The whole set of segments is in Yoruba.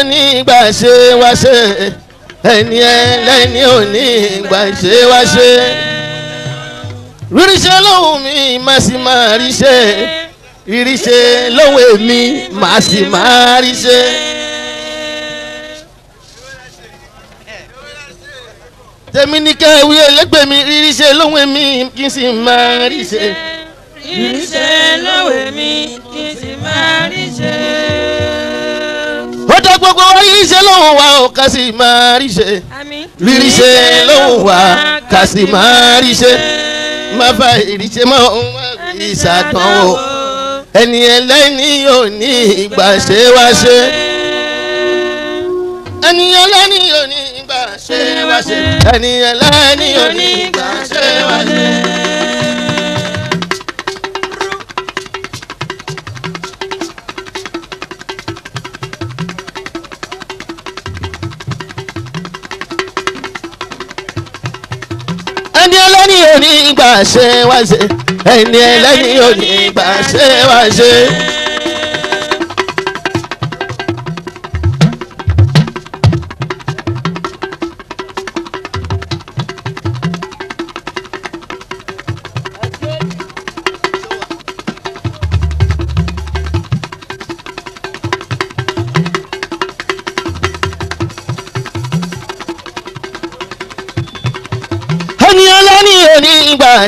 onígbà ṣe wá ṣe ẹni ẹlẹ́ni onígbà ṣe wá ṣe ríríṣẹ́ lóhùn mi má sì máa ríṣẹ́ ríríṣẹ́ lóhùn èmi má sì máa ríṣẹ́. tèmi ní ká ewì ẹlẹgbẹ́ mi ríríṣẹ́ lóhùn èmi kí n sì máa ríṣẹ́. ríríṣẹ́ lóhùn èmi kí n sì máa ríṣẹ́ gbogbo rírí ṣe lóhùn wa ó kà sí máa rí ṣe lóhùn wa kà sí máa rí má fa ìríṣe mọ́ ohun má fi ẹni ẹlẹ́ni yóò ní ìgbà ṣe wá ṣe ẹni ẹlẹ́ni yóò ní ìgbà ṣe wá ṣe ẹni ẹlẹ́ni yóò ní ìgbà ṣe wá ṣe. ẹlẹ́ni onígbàṣẹ́ wá ṣe ẹni ẹlẹ́ni onígbàṣẹ́ wá ṣe.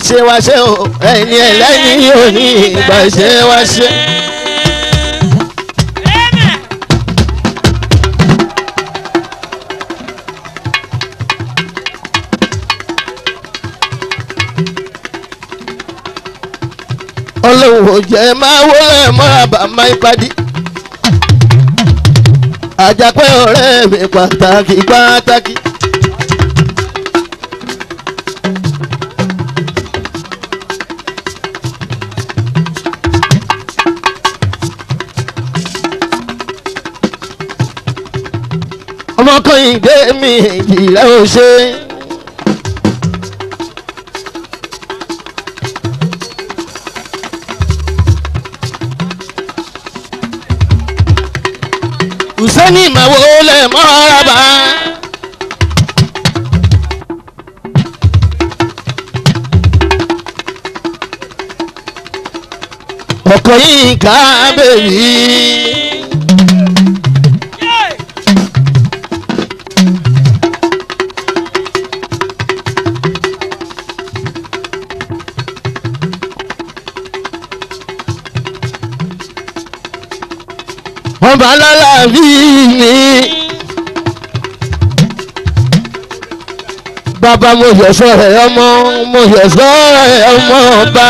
ṣe wá ṣe o ẹni ẹlẹ́ni ò ní ìgbà ṣe wá ṣe. olówó jẹ máa wọlé mọ́ra bàmá ìpàdé àjàpẹ́ ọ̀rẹ́ mi pàtàkì pàtàkì. ọmọkàn ìdè mi ìjìlá ò ṣe. Hùsẹ́nì màwó lẹ̀ mọ́ yìí ká bèbí. àbí. bàbá mo yẹ sọ̀rọ̀ ọmọ mo yẹ sọ̀rọ̀ ọmọ ọba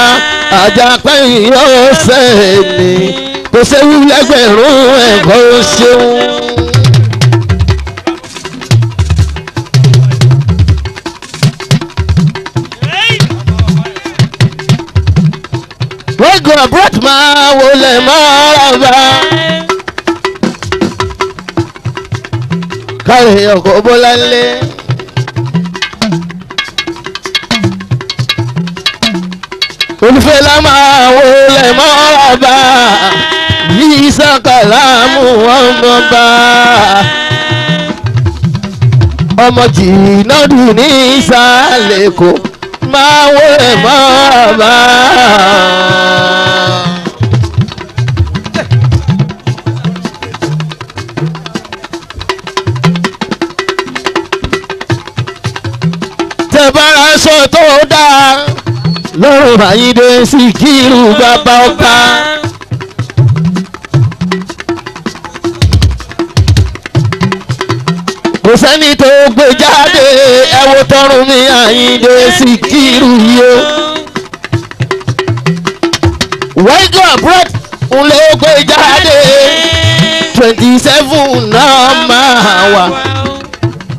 àjàpẹ́ yóò ṣe ni kò séwu lẹ́gbẹ̀rún ẹ̀kọ́ ṣeun. wọ́n gbọ́ bùrọ̀tì máa wọlé máa rà bá. káre ọkọ̀ bọ́láńlé. olùfẹ́ la máa wo lẹ̀ mọ́ ọba yìí sàkàlámù wọn mọ́ bá ọmọ jìnnà dùn ní bára sọ tó dáa lọ́rùn bàyídé Síkírù bàbá ọba. kò sẹ́ni tó gbé jáde ẹ tọrùn mi Àyìndé Síkírù yìí o. wẹ́gọ̀ ń lè gbé jáde twenty seven náà máa wà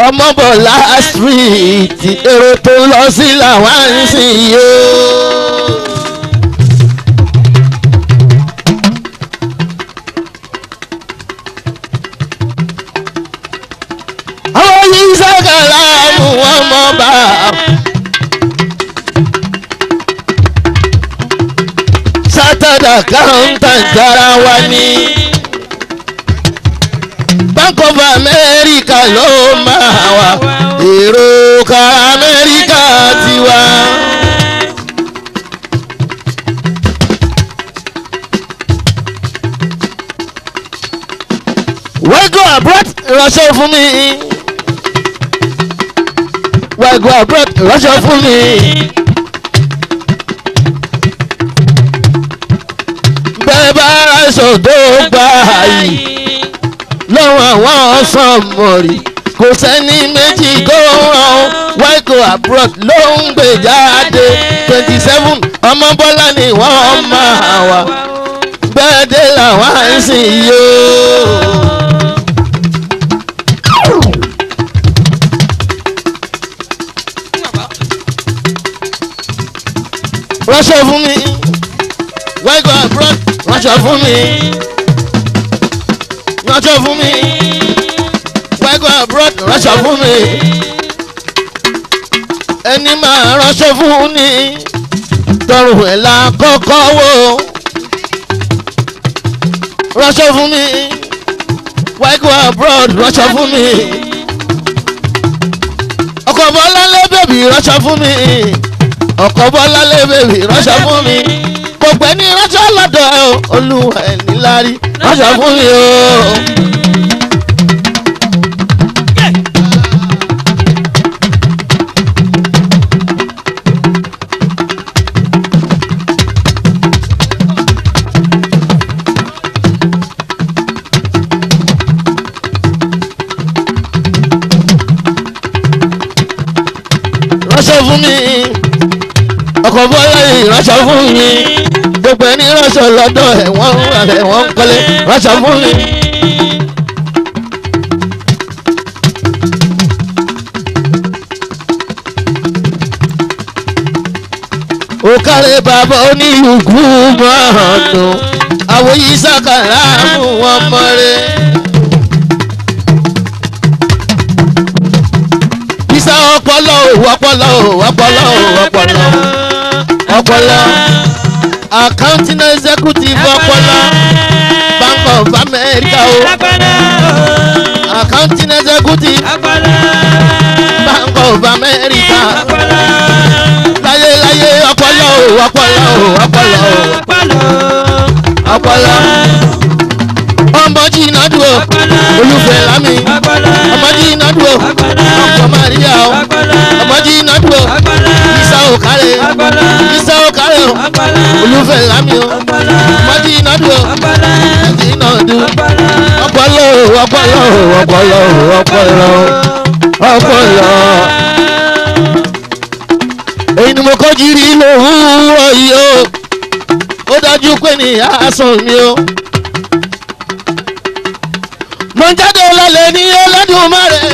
ọmọbọlá street èrò tó lọ sí làwọn ń sìn yóò. Sátọ̀dọ̀ kan ń tàn jọra wa ni. Bank of America ló máa wà èrò ka Amẹ́ríkà tiwa. wẹ́gò abroad ránṣẹ́ fún mi wẹ́gò abroad ránṣẹ́ fún mi. bẹ́ẹ̀ bá aṣọ tó gbà yìí lọ́wọ́ àwọn ọ̀sán mọ̀rì kò sẹ́ni méjì tó ràn wáìkò abroad ló ń gbé jáde twenty seven ọmọ bọ́lá ni wọ́n máa wà bẹ́ẹ̀ dé làwọn àìsàn yìí o. ránṣẹ́ fún mi wẹ́gọ̀ abroad ránṣẹ́ fún mi ránṣẹ́ fún mi wẹ́gọ̀ abroad ránṣẹ́ fún mi ẹni máa ránṣẹ́ fún ni tọrùn ẹ̀ kọ́kọ́ wò ránṣẹ́ fún mi wẹ́gọ̀ abroad ránṣẹ́ fún mi ọkọ̀ bọ́lá lé bèbí ránṣẹ́ fún mi ọkọ̀ bọ́lá lé bèbí ránṣẹ́ fún mi pẹ́ ní ránṣẹ́ lọ́dọ̀ ẹ o olúwa ẹ̀ níláárí ránṣẹ́ fún mi o. ránṣẹ́ fún mi ọkọ̀ bọ́lá yìí ránṣẹ́ fún mi pé ní ránṣọ lọ́dọ̀ ẹ̀wọ̀n ẹ̀wọ̀n ń kọ́lé ránṣọ fún mi. òkàrẹ bàbá oníyùkú máa dùn àwòyí sàkàrà mú wọn mọ́rẹ́. isa ọpọlọ ọpọlọ ọpọlọ ọpọlọ ọpọlọ accounting executive ọpọlọ bank of america o oh. accounting executive bank of america láyéláyé ọpọlọ o oh, ọpọlọ o oh, ọpọlọ o ọpọlọ ọmọjì ìnádùn o olùfẹ́ lámì ọmọjì ìnádùn o ọkọ̀ maria o ọmọjì ìnádùn o ìsà òkàlẹ̀ ìsà òkàlẹ̀ o olùfẹ́ lámì o mọ́tìnádù o mọ́tìnádù ọpọlọ ọpọlọ ọpọlọ ọpọlọ ọpọlọ. èyí ni mo kọ́ jírí lòwúrọ̀ yìí o ó dájú pé ní àásán mi o mo ń jáde lálẹ́ ní Olódùmarè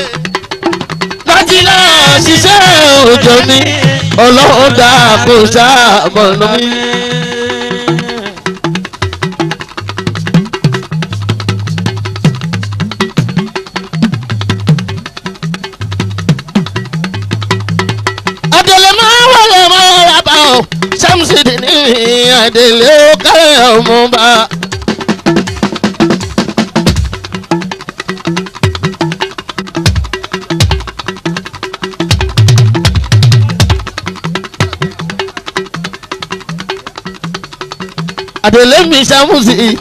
láti lọ́ọ́ ṣiṣẹ́ òjò mi ọlọ́run dákun ṣàmọ̀nà mi. adele máa wọlé máa rà bá ọ sẹ́mu ní adele ó ọmọ bá. yìí.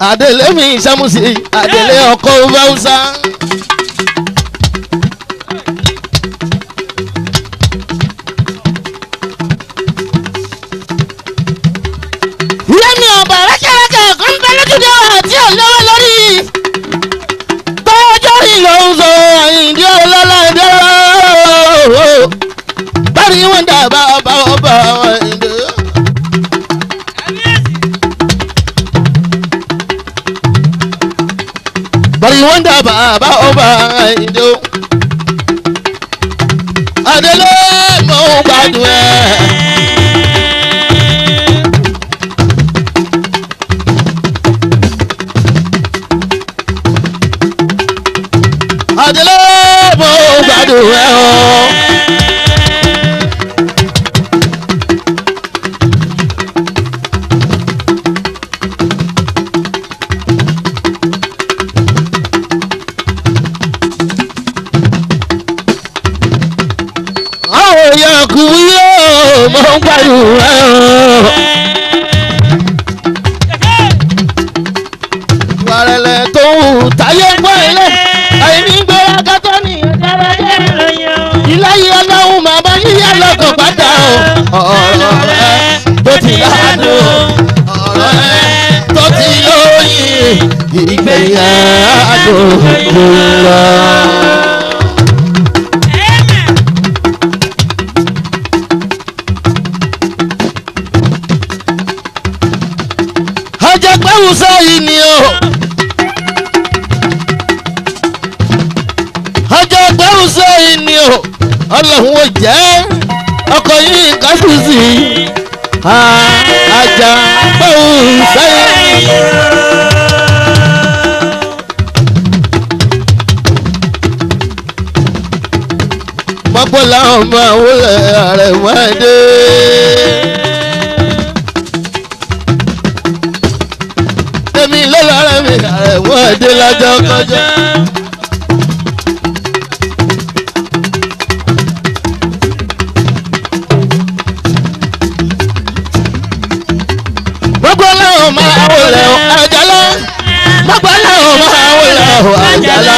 adele mi samusi adele ọkọ hausa. délé mo gbádùn ẹ. yín ni o ọlọ́run ò jẹ́ ọkọ yín kábùsì àjà bóun sẹ́yìn. mọ́pọ́lá ọmọ àwòrán ààrẹ máa dé. èmi lọ́lọ́ ara mi ààrẹ wọ́n dé lájọ́ kọjá. lẹ o àjàlá mọ̀gbà lẹ o máa wò lẹ o àjàlá.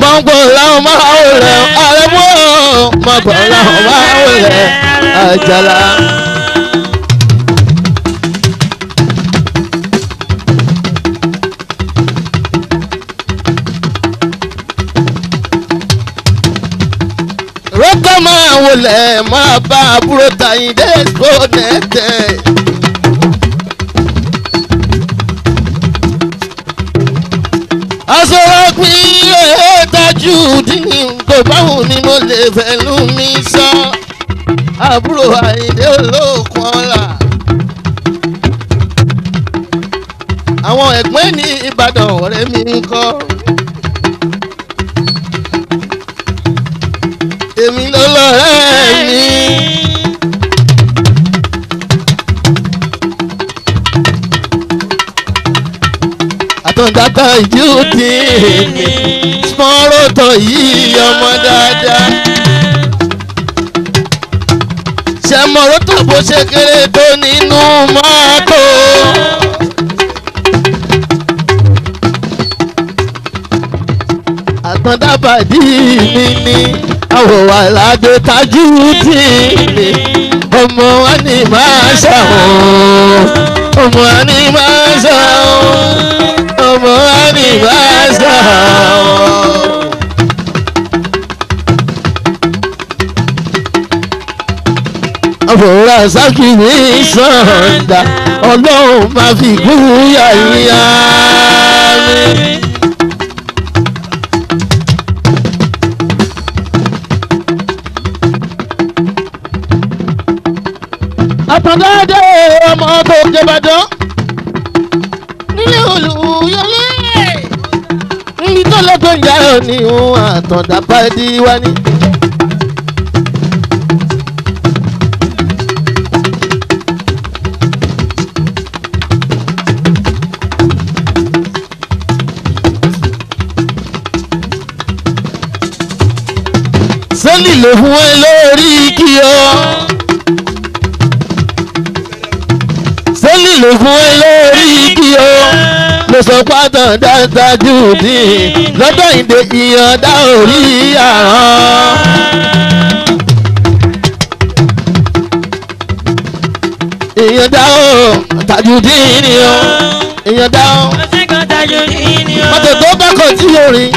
mọ̀gbà lẹ o máa wò lẹ o àrẹ̀mú mọ̀gbà lẹ o máa wò lẹ àjàlá. lẹ̀ máa bá àbúrò tàyíndé tó nẹ́tẹ̀. asọ́rọ́pin yóò dájú dín kò báwọn ni mo lè fẹ́nu mi sọ àbúrò àyíndé olóòkun ọ̀la. àwọn ẹ̀gbọ́n ní Ìbàdàn ọ̀rẹ́ mi ń kọ́. Tajudeen Smoroto yìí ọmọ dáadáa. Smoroto bó ṣe kéré tó nínú mọ́tò. Àtàndábàdì mi ni àwọ̀ wà ládé Tajudeen ọmọ wa ni màá ṣàwọn. kìíní sọ̀ǹda ọlọ́run má fi gún yàyà mi. àtàndádé ọmọ ọba òjèbàdàn nílé olùyọlé níbi tó lọ́tọ̀ ìyá ẹ̀ ní òun àtàndá bá di wá ní. fún ẹ lórí kí ọ. sẹ́lì ló fún ẹ lórí kí ọ. ló sọ pátán dáadáa jù ní lọ́dọ̀ ìdè ìyọ̀dá orí àrán. èèyàn dá o Tajudeen ni o èèyàn dá o mọ́tò tó bá kọ̀ tí orin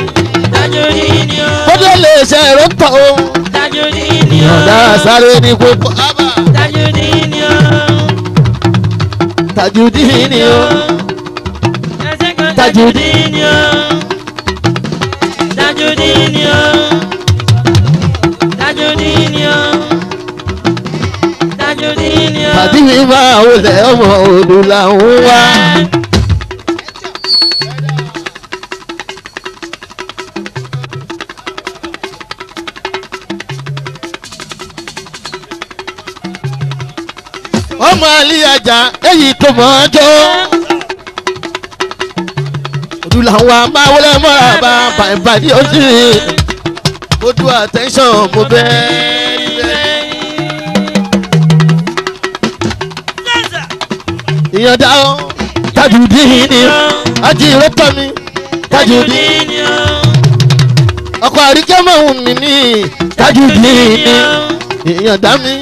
kódé lè ṣe ẹ̀rọ tán o ọ̀dà sáré ní kókó. Tajudeen ni o. Tajudeen ni o. Tajudeen ni o. Tajudeen ni o. Tajudeen ni o. tàbí mi máa wọlé ọmọ òdùláhùn wá. àlì àjà èyí tó mọ̀ ọ́ jọ. òdùlà wa máa wọlé mọ́ra bá bàbàdì ojú rẹ̀ mo do attention mo bẹ́ da o, tajudeen ni aji ajé ìrọ́tọ̀ mi tajudeen ni ọ ọkọ̀ àríkẹ́ mọ̀ ń mi ní tajudeen ni ìyọ̀dá mi.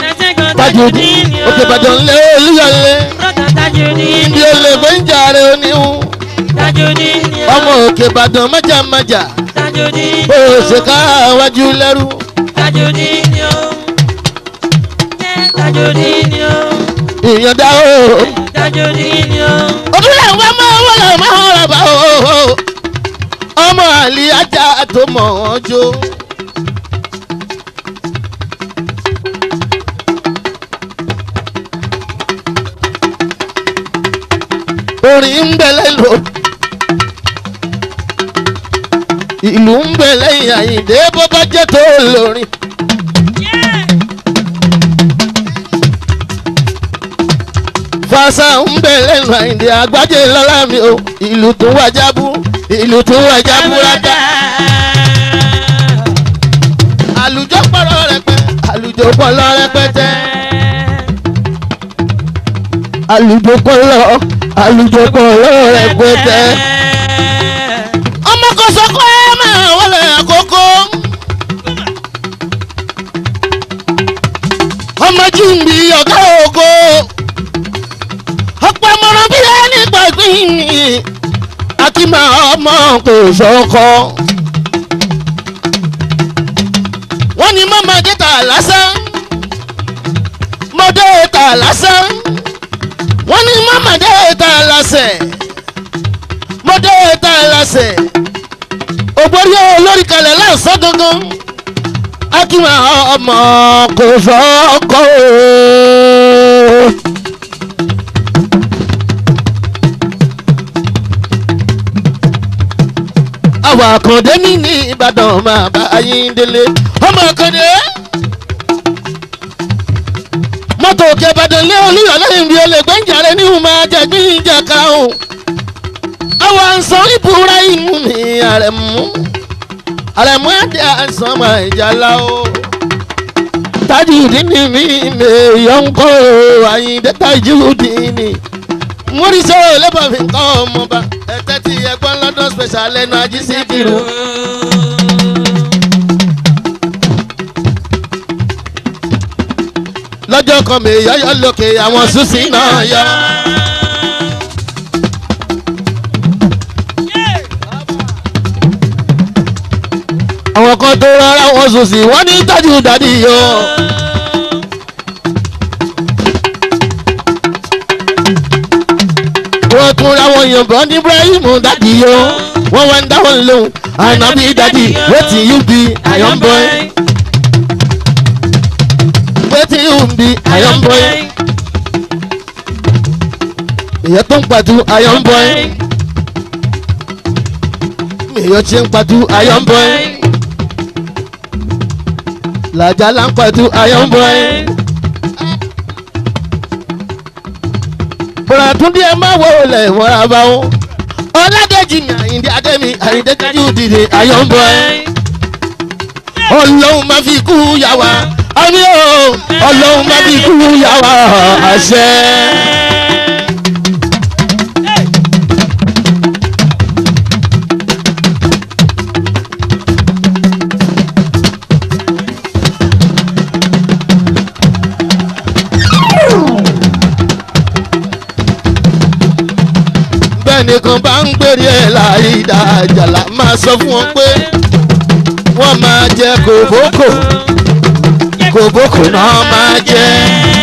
Tajudeen òkè Ìbàdàn lé olúyọlé ibi olè gbẹ́njà rẹ̀ oníhun ọmọ òkè Ìbàdàn májàmájà bó o ṣe ká wájú lẹ́rú. Tajudeen ni o Tajudeen ni o. ìyọ̀dá o. Tajudeen ni o. òbílẹ̀ ń wá máa wọlé máa rà bá o ọmọ àlè ajá tó mọ̀ ọ́n orin ń bẹ lẹ́lò ìlú ń bẹ lẹ́yìn àyìndé tó lórin. fasa ń bẹ lẹ́nu àyìndé àgbájé lọ́la mi o ìlú tó wájà bú ìlú tó wájà bú rádá. àlùjọ pọ̀rọ̀ rẹpẹtẹ àlùjọ pọ̀rọ̀ rẹpẹtẹ àlùjọ pọ̀rọ̀ alùjọpọ̀ lọ́rẹ̀ pẹ́tẹ́. ọmọ kan sọ pé máa wọlé àkókò. ọmọ jìnbí ọ̀gá ògo. ọ̀pọ̀ mọ̀ràn bí ẹni gbàgbín ni àti máa ọmọ kò sọ́kọ. wọ́n ní mọ́mọ́ dé lásán mọ́dé tà lásán wọ́n ní mama dé ta lásẹ̀ mo dé ta lásẹ̀ ògbórí olórí kalẹ̀ láǹsọ́ gangan akíwọ̀n ọmọ kò fọ́kọ́ o. àwa àkàndé mi ní ìbàdàn máa bá ayé ń délé ọmọ àkàndé látò òkè Ìbàdàn lé olúyọ̀lé ìrìn olè gbẹ́njàre ní ìhùmọ̀ ajẹ́gbìn ìjàkà o. àwọn àǹsọ ìbúra ìmú mi àrẹ̀mú àrẹ̀mú àti àǹsán máa ìjàlá o. Tajudeen mi mi yọ̀ǹkọ́ Àyìndé Tajudeen múrísọ́ lẹ́bàá mi kọ́ ọmọba ẹ̀tẹ́ ti ẹgbọ́n lọ́dún special ẹnu ajísíkìrò. lọ́jọ́ kan mi yọ́yọ́ lókè àwọn súnsì náà yọ. àwọn kan tó rárá wọn súnsì wọ́n ní tájú dàdí yọ. wọ́n tún ráwọn èèyàn bọ́ ní Ibrahim dàdí yọ. wọ́n wá ń dáwọn lóhùn ànábì dàdí wetin you be Boy? Ayọ̀ǹbí Ayọ̀ǹbọ́yé èyẹ tó ń pàtó Ayọ̀ǹbọ́yé èyẹ tí ń pàtó boy. làjà là ń pàtó Ayọ̀ǹbọ́yé. bùrọ̀túndé ẹ má wọ olè ìmọ̀ra bá wọn ọládẹ́jì ní àyíndé adẹ́mi àyíndé kájú dìde Ayọ̀ǹbọ́yé ọlọ́run má fi kú yá wa àmì o ọlọ́run má bí kú yà wá àṣẹ. ẹnìkan bá ń pèrè ẹ̀ láì dáa jàlá máa sọ fún wọn pé wọ́n máa jẹ kòbókò kòbókò náà máa jẹ́.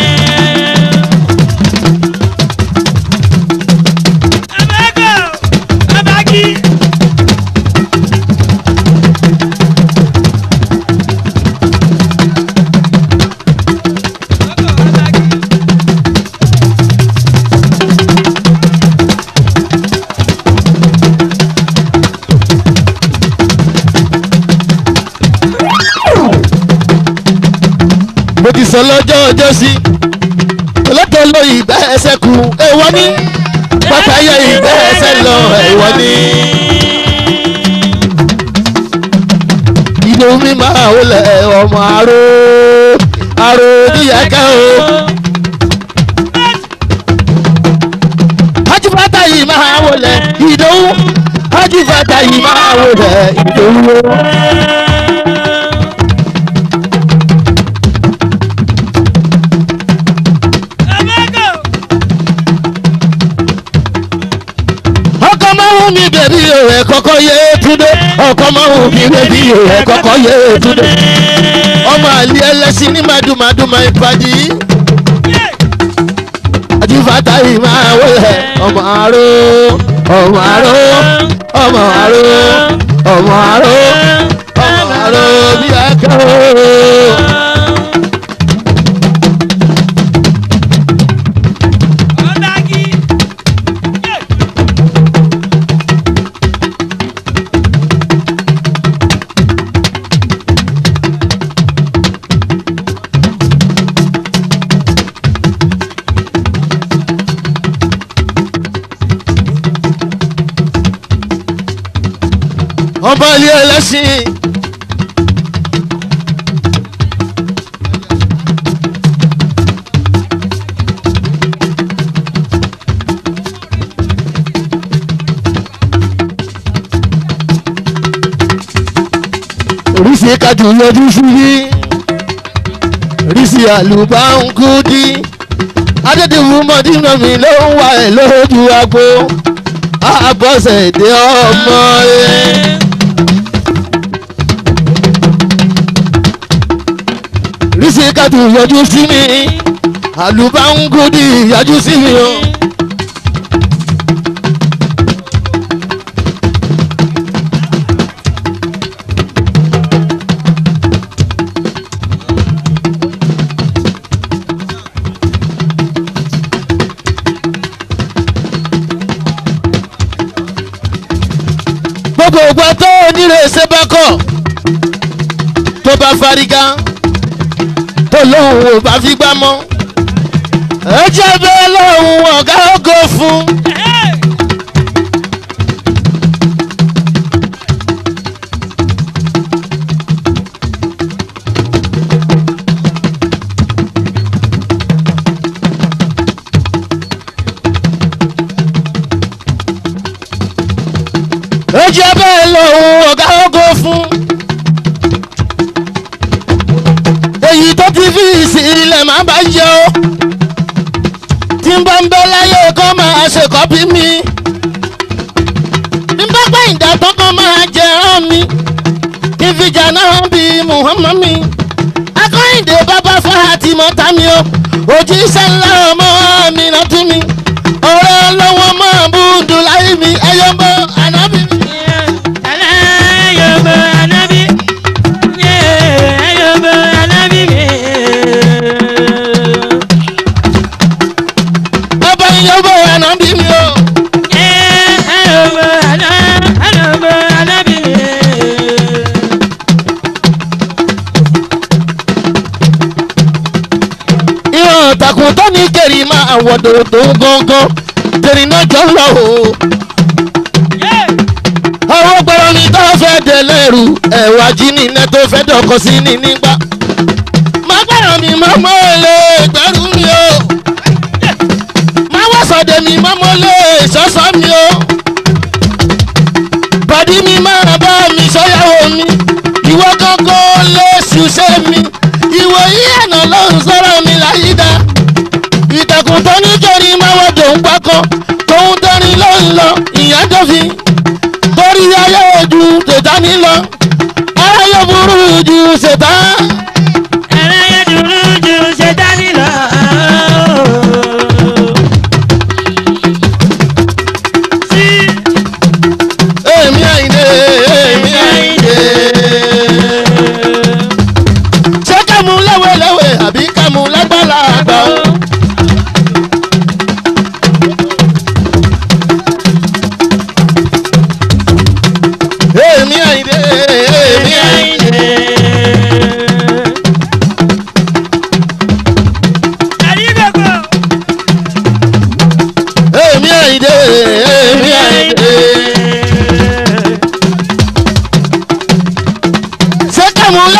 mo ti sọ lọ́jọ́ ọjọ́ sí tọ́lọ́tọ́lọ́ ìgbẹ́ ẹsẹ̀ kù èèwọ̀ ni pátáyé ìgbẹ́ ẹsẹ̀ lọ èèwọ̀ ni. ìdè omi máa wọlé ọmọ aró aró níyàgá o. Haji Fatayi máa wọlé ìdòwú Haji Fatayi máa wọlé ìdòwú. ọmọ obìnrin bí ìwé kọ́kọ́ yé ètúndé ọmọ àlè ẹlẹ́sìn ní màdùmàdùmà ìpàdé àjùfàtà ìmáwọlẹ̀ ọmọ àró ọmọ àró ọmọ àró ọmọ àró ọmọ àró bí akẹ́wò. baálé ẹlẹ́sìn. rísì kájú yọjú ṣúlí rísì àlùbá ń kú dí adédèwú mọ̀dínà mi ló ń wà ẹ̀ lójú agbo àbọ̀sẹ̀ dé ọmọ yẹn. síkàtù yọjú sí mi àlùbáńgòdì yọjú sí mi o. gbogbo ọgbà tó onírèsè bá tó bá farigan bó lóun ò bá fi gbá mọ́. ó jẹ́ bẹ́ẹ̀ lóun ọ̀gá ògo fún má bá jẹ o tí n bá ń bẹ láyé kọ́ máa ṣe kọ́pì mi bí n bá pẹ́ ìdá tán máa jẹ rán mi kí n fi jà náà bí Muhammad mi akọ́yìndé bàbá Fátímọ̀ tàmí o òjíṣẹ́ ńlá ọmọ mi rántí mi. àwọ̀ dòdò gángan tèmi náà jọ lọ o. ọwọ́ gbọ́dọ̀ ni tó fẹ́ dẹlẹ́rù ẹ̀wà jí ni iná tó fẹ́ dọ̀kọ̀ sí ni nígbà. má gbọ́dọ̀ mi má mọ́ lè gbẹ́rù mi o. má wá sọ̀dẹ̀ mi má mọ́ lè sọ́sọ́ mi o. bàdí mi máa bá mi sọ́yàwó mi ìwọ gángan lè ṣùṣe mi ìwòyí ẹ̀nà ló ń sọ̀rọ̀ mi láyé dáa ẹkùn tó ní kẹrin mẹwẹdẹ ń gbákọ tóun tẹrin lóyún lọ ìyá tó fi torí ayé ojú tètà mi lọ ayé burú ju ṣètà.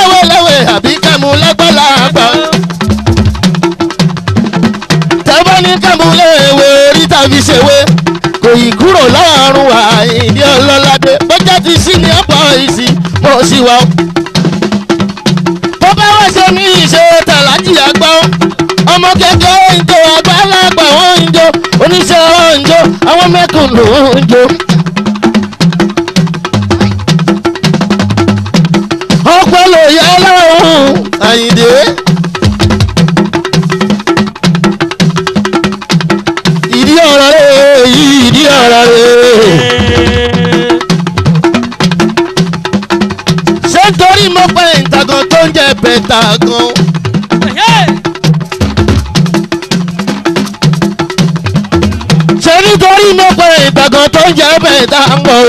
léwéléwé àbí kẹ́mu lágbàlagbà. tẹ́ bá ní kẹ́mu léwé orí tàbí ṣèwé kò yí kúrò láàrún àìní ọlọ́ládé bó jẹ́ ti sí ní ọ̀pọ̀ ìsì mo sì wá. bó bá wá ṣe ní ìṣe tàlájì àgbà ọmọ kékeré ń jó àgbàlagbà wọn ń oníṣẹ́ wọn àwọn mẹ́kùnún ń mẹ́ta gan. ṣé nítorí mọ́pẹ́ ìtàgàn tó ń jẹ́ mẹ́ta ń bọ̀ o.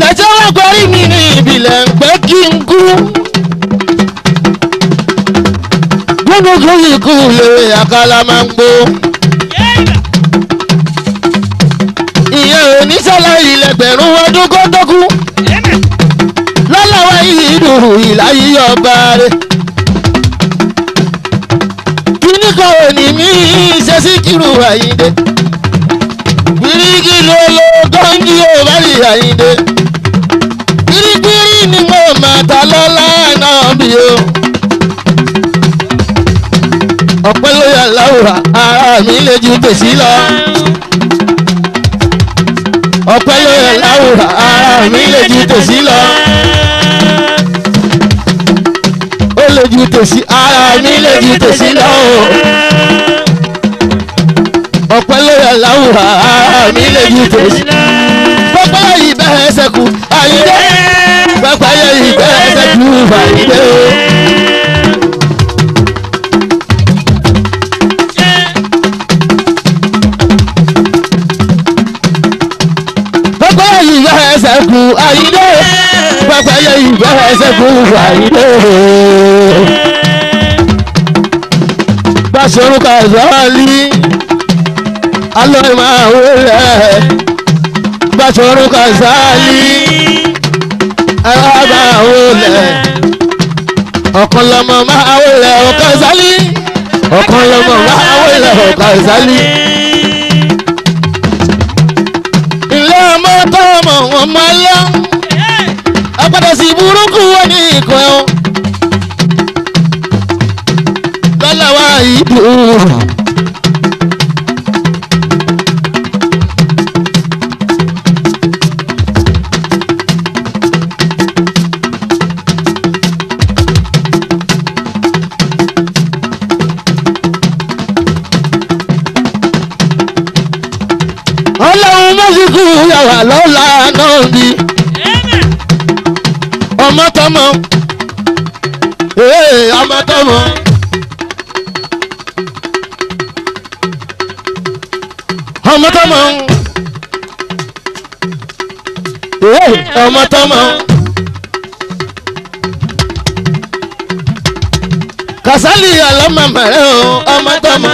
lẹ́jọ́ lágbárí mi ní ìbílẹ̀ ń pẹ́ kí n kú. gbọ́dọ̀ kí n kú lè àkàlà máa ń gbó. ìyẹn ò ní sálárì lẹ́gbẹ̀rún ọdún kó tó kú sùúrù ìláyíyọ̀ bàárẹ̀. kíní kan ò ní mí ṣe Síkírù Àyìndé bíríkì ló ló gọ́ńdí ò bá rí Àyìndé bíríkìrì ni mo máa ta lọ́lá náà bí o. ọ̀pẹ́ ló yà láwùrà ara mi lè ju tèsí lọ ọpẹ́ ló yẹ láwùrán ara mi lè ju tòsí lọ. ju tèsí ara mi lè ju tèsí o. ọ̀pẹ lórí aláwọ̀ ara mi lè ju tèsí. pẹ́pẹ́ ìbẹ́ ẹsẹ̀ kù àyíndé. pẹ́pẹ́ ìbẹ́ ẹsẹ̀ kù àyíndé o. pẹ́pẹ́ ìbẹ́ ẹsẹ̀ kù pẹ́yẹ ìgbọ́ ese fún ìwà ilé. Báṣọ̀rù Kàzọ́lì alọ́ọ̀mà wúlẹ̀. Báṣọ̀rù Kàzọ́lì alọ́ọ̀mà wúlẹ̀. Ọ̀kan lọ́mọ máa wúlẹ̀ ọ̀kan sálí. Ọ̀kan lọ́mọ máa wúlẹ̀ ọ̀kan sálí. Ilé ọmọ tó ọmọ wọn máa lọ. Si burúkú wọ́n ní ìkọ́ ẹ̀ o. lọ́la wa ìdí òòrùn. ọlọ́run mọ́síkù yàrá lọ́la náà ni. ọmọ tọmọ. Kasali alama mẹ́rẹ́ o ọmọ tọmọ.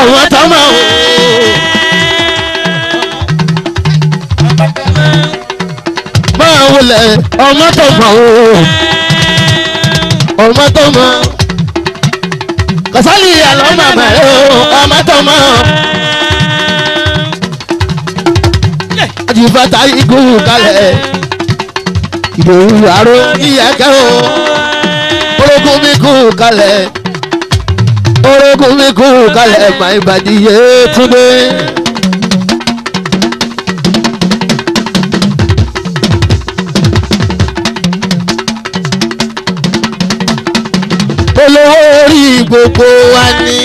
ọmọ tọmọ o. máa wulẹ̀ ọmọ tọmọ o. ọmọ tọmọ. kàsálì ọlọ́mọ mẹ́rẹ́ o ọmọ tọmọ. alájì fata igun kalẹ̀ ìdòwú àrò ìyẹ́kẹ́ o orogun mi kú kalẹ̀ orogun mi kú kalẹ̀ máa bàdí yé túndé. olórí gbogbo wa ni.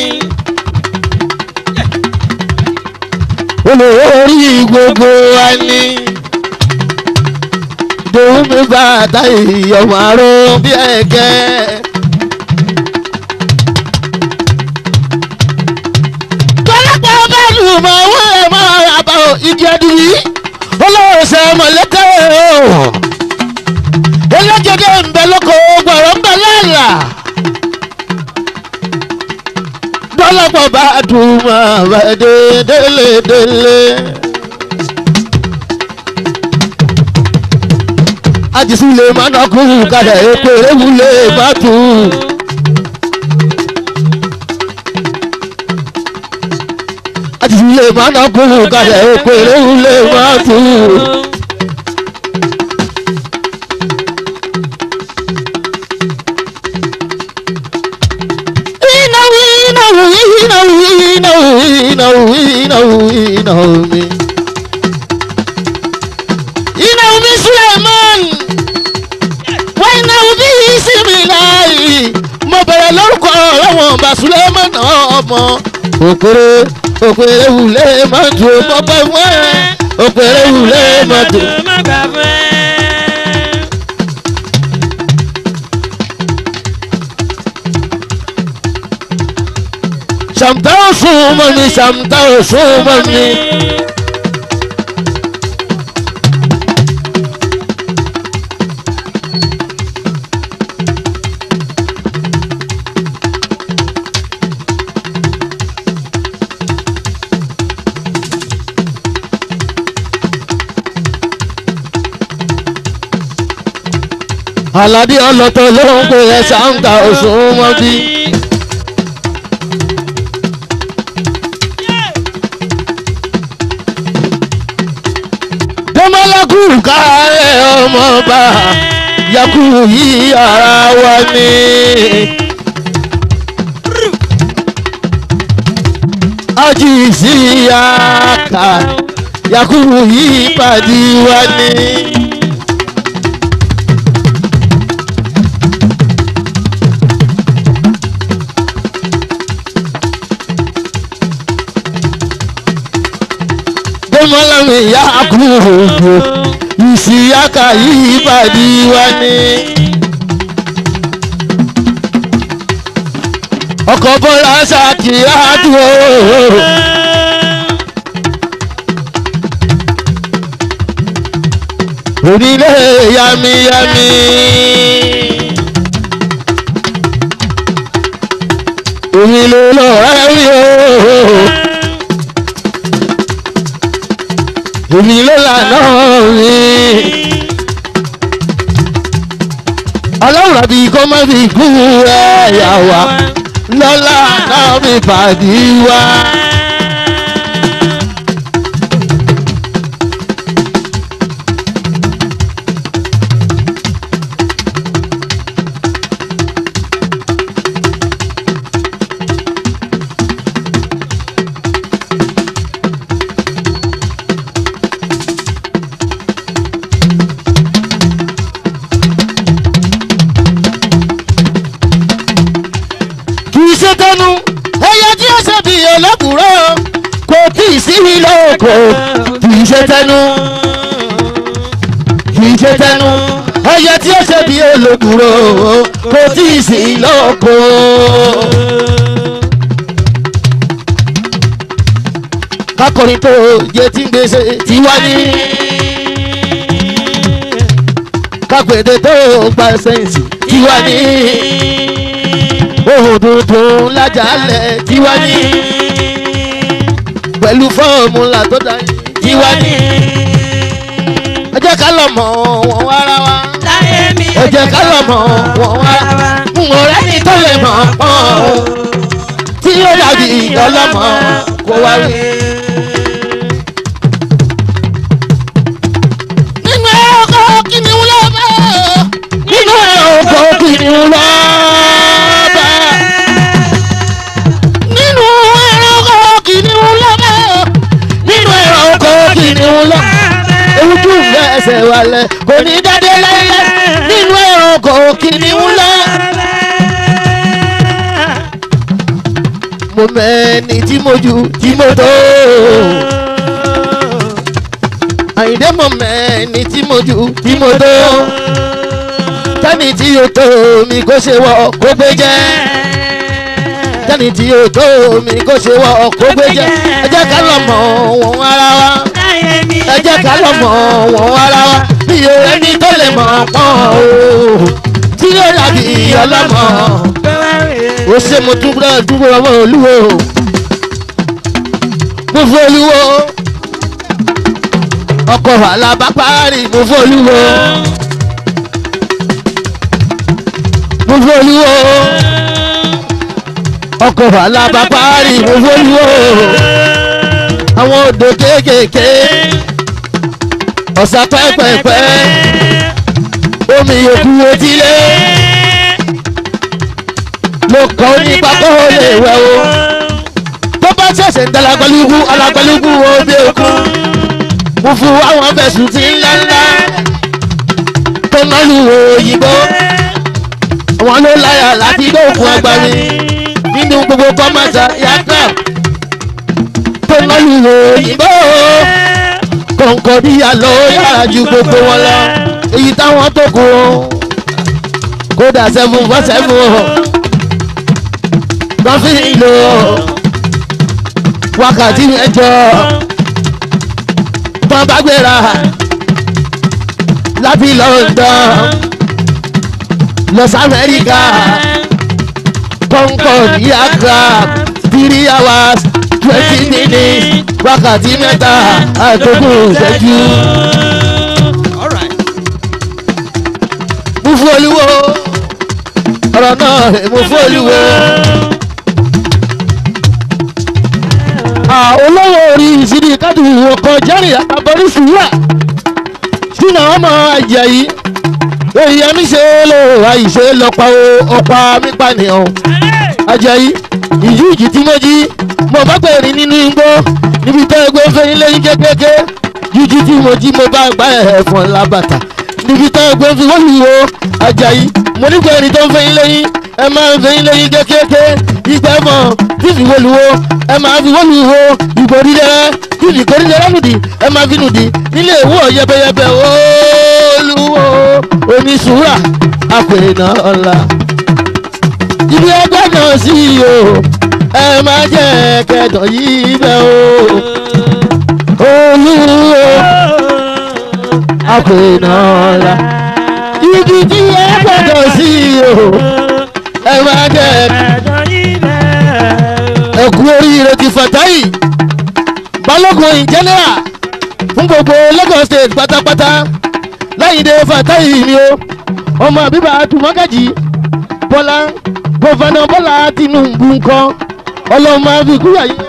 olórí gbogbo wa ni. Dòun mi bá àtà ìyọ̀wọ̀ àrò bí ẹ̀kẹ́. Tọ́lápọ̀ bá lù mọ́ owó ẹ̀ máa rà bá igi ẹdùn yìí. ọlọ́pọ̀ bá dùn mọ́ wẹ́dẹ́ délédélé. àjìsí lè má nọkùnrin kalẹ̀ èpè ewu lè má tún. àjìsí lè má nọkùnrin kalẹ̀ èpè ewu lè má tún. òpèrè wùlé máa ń dùn mọ́ bá fún ẹ òpèrè wùlé máa dùn mọ́ fún ẹ. ṣàǹtà òṣùwọ̀n mi ṣàǹtà òṣùwọ̀n mi. Àlàbí ọlọ́tọ̀ ló ń pè ẹ́ sáńtà Òṣùmọ́bí. Dẹ́mọ́lákù káàárẹ̀ ọmọọba yakú yìí ara ni. Ají sí yàkà yakú yìí pàdé wa mọ́láwé ìyá àkúrògbò ìsìyáka yìí ìbàdí wa ni. ọkọ̀ bọ́lá ṣàkíyá dúró. onílé yami Yami. pàdé wá. gbèdé tó gba sẹ́yìntì kí wá ní. ohun dundun lájàálẹ̀ kí wá ní. pẹ̀lú fọ́ọ̀mùlà tó dá yìí kí wá ní. ẹ jẹ́ ká lọ mọ̀ wọ́n wára wa. láyé mi ẹ jẹ́ ká lọ mọ̀ wọ́n wára wa. n ò rẹ́ni tó lè mọ̀ ọ́n tí yóò dàbí ìdánlọ́mọ kó wá rí. kì í lọ́ba. nínú ẹranko kì í lọ́ba. nínú ẹranko kì í lọ́ba. ojú ẹsẹ̀ wálẹ̀ kò ní dáadé láyé nínú ẹranko kì í lọ́ba. mo mẹ́ni tí mo ju tí mo tó. àyìndé mo mẹ́ni tí mo ju tí mo tó tẹ́ni tí yóò tó mi kó ṣe wọ kó gbé jẹ́ tẹ́ni tí yóò tó mi kó ṣe wọ kó gbé jẹ́ ẹ jẹ́ ká lọ mọ̀ wọ́n ara wa ẹ jẹ́ ká lọ mọ̀ wọ́n ara wa bí o ẹni tó lè mọ̀ pọ́n o tí yóò dàbí ọlọ́mọ ó ṣe mo dúró dúró ọmọ olúwo mo fún olúwo ọkọ̀ alábàpárì mo fún olúwo mo f'Olúwo ọkọ̀ alábà parí mo f'Olúwo àwọn odò kéékèèké ọ̀sà pẹ́pẹ́pẹ́ omi òkú etílé ló kọ́ nípa kó o lè wẹ̀ o tó bá ṣẹ̀ṣẹ̀ ń dalagbẹ́lúgbú alagbẹ́lúgbú omi òkú mo fún àwọn fẹ̀sùn tí ńláńlá tó náà lu òyìnbó àwọn ló láyà láti dóòkun agbani nínú gbogbo kọ́mọ̀tà yàtọ̀ tó lọ́lùwò òyìnbó kọ̀ǹkọ̀díyà ló yára ju gbogbo wọn lọ èyí táwọn tó kù ó kódà seven four seven ó lọ́fíì lò wákàtí mẹ́jọ bọ́n bá gbéra láti London. Los America Concord Accra three hours twenty minutes wákàtí mẹ́ta àtòkùn ìṣẹ́jú. mú fún olúwo ọ̀rọ̀ náà mú fún olúwo. olówó orí ìṣírí kádùn ìwòkan jẹ́rìí àtàbọ̀rí fúwà sínú ọmọ àjẹ́ yìí èèyàn mi ṣe é lò àìṣe lọ́pàá o ọ̀pá mi pànìyàn Àjàyí ìjú ìjì tí mo jí mo bá pèrè nínú igbó níbi tẹ́ ẹgbẹ́ fẹ́ nílé yín kékeré jíjí tí mo jí mo bá gbá ẹ̀fọn lábàtà níbi tẹ́ ẹgbẹ́ fi wọ́n lù wọ́ Àjàyí mo ní pèrè tó ń fẹ́ nílé yín ẹ máa ń fẹ́ nílé kékeré ìgbẹ́ mọ̀ tí fi wọ́n lù wọ́ ẹ máa fi wọ́n lù wọ́ ìgbòrí dẹ́rẹ́ tí fi kórìí dẹ́rẹ́ nùdí ẹ máa fi nùdí nílé ìwọ́ yẹbẹyẹbẹ olúwo oníṣúra àpènà ọ̀la. ibi ẹgbẹ́ náà sí o ẹ má jẹ́ kẹtàn yìí bẹ́ o olú o àpènà ọ̀la. igi tí ẹ gbọ́dọ̀ sí o ẹ má jẹ́ kẹtàn yìí bẹ́ o. ẹ̀kú oríire ti Fàtáì Balógun in general fún gbogbo Lagos State pátápátá láyìndé fatayi ni ó ọmọ bíbá àtúmọ̀gájì bọ́lá gọ́fànà bọ́lá tinubu nǹkan ọlọ́mọ àfikúyà yìí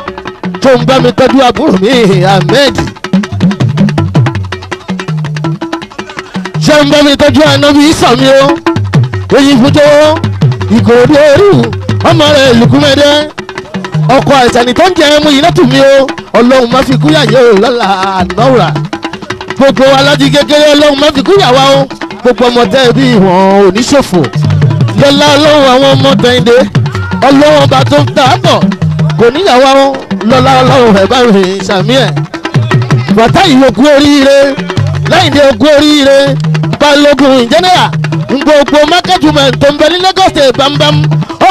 tó ń bá mi tọ́jú àbúrò mi ahmed ṣé ń bá mi tọ́jú ànábi sàmì o èyí fújọ́ ìkòròdú ẹrú ọmọ rẹ̀ lùkúmẹ́dẹ́ ọkọ̀ àìsàn ìtọ́jú ẹ̀mú yìí látùmí o ọlọ́run má fi kúyà lọ́la ànáwùrà gbogbo alájí kékeré ọlọ́run má fi kúyà wá o gbogbo ọmọ tẹ́ bí ìwọ̀n oníṣòfò lọ́lá ọlọ́run àwọn ọmọ tẹ̀yìndé ọlọ́run ọba tó ń ta àbọ̀ kò níyàwó àwọn lọ́lá ọlọ́run ẹ̀ bá rìn sàmí ẹ̀ bàtà yìí ogún oríire lẹ́yìndé ogún oríire balógun general gbogbo market women tó ń bẹ ní Lagos state bámbám